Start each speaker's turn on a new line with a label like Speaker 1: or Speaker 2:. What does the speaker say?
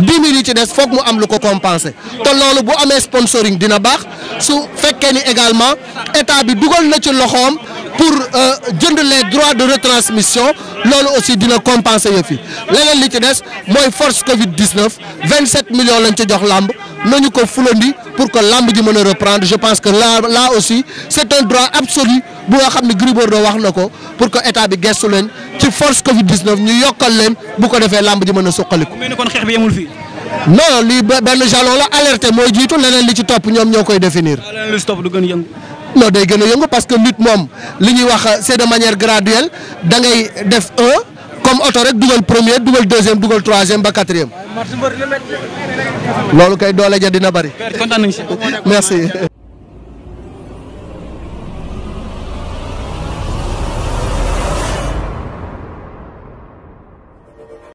Speaker 1: dix mille yi ci des foog mu am lu ko compenser te loolu bu amee sponsoring dina baax su fekkee ni également état bi dugal na ci loxoom pour euh, jënd les droits de retransmission loolu aussi dina compenser yëf yi leneen li ci des mooy force Covid 19 27 millions lañ ci jox làmb nañu ko fulandi pour que làmb ji mën reprendre je pense que là là aussi c'est un droit absolu bu nga xam ne Gris Bordeaux wax na ko. pour que état bi gestu leen ci force Covid 19 ñu yokkal leen bu ko defee làmb ji mën a suqaliku. mel ni lii benn jalon la alerte mooy jiitu leneen li ci topp ñoom ñoo koy définir. leneen li ci topp a yëngu. non day gën a yëngu parce que lutte moom li ñuy wax c'est de manière graduelle da ngay def comme oto rek dugal premier dugal deuxième dugal troisième ba quatrième. loolu kay doole ja dina bari. merci.